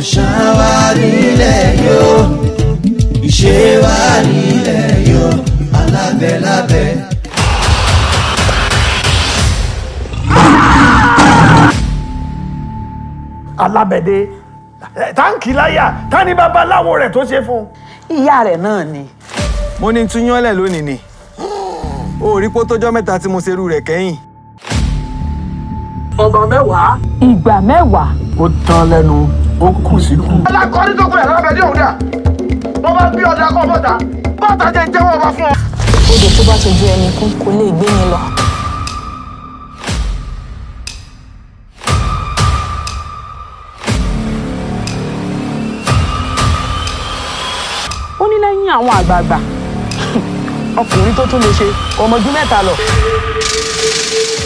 àṣà wa nílẹ̀ yó ìṣe wa nílẹ̀ yó alábẹ́lábẹ́. alábẹ́dé táǹkì láyà tání babaláwo rẹ̀ tó ṣe fún. ìyá rẹ̀ náà ni. mo ní túyánlẹ̀ lónìí ni. Hmm. o ò rí pótójọ́ mẹ́ta tí mo ṣerú rẹ̀ kẹ́yìn ọba mẹ́wàá. ìgbà mẹ́wàá. ó tán lẹ́nu ó kù síkù. alákọ̀ọ́rí tó kúrẹ̀ lábẹ́ ní òwúrẹ́ wọ́n bá bí ọ̀dà kọ́ bọ́ta bọ́ta jẹ́ jẹ́wọ́ ọba fún ọ. odò tó bá ti ju ẹnì kún kò lè gbé mi lọ. ó ní lẹ́yìn àwọn àgbààgbà ọkùnrin tó tún lè ṣe ọmọ ọdún mẹ́ta lọ.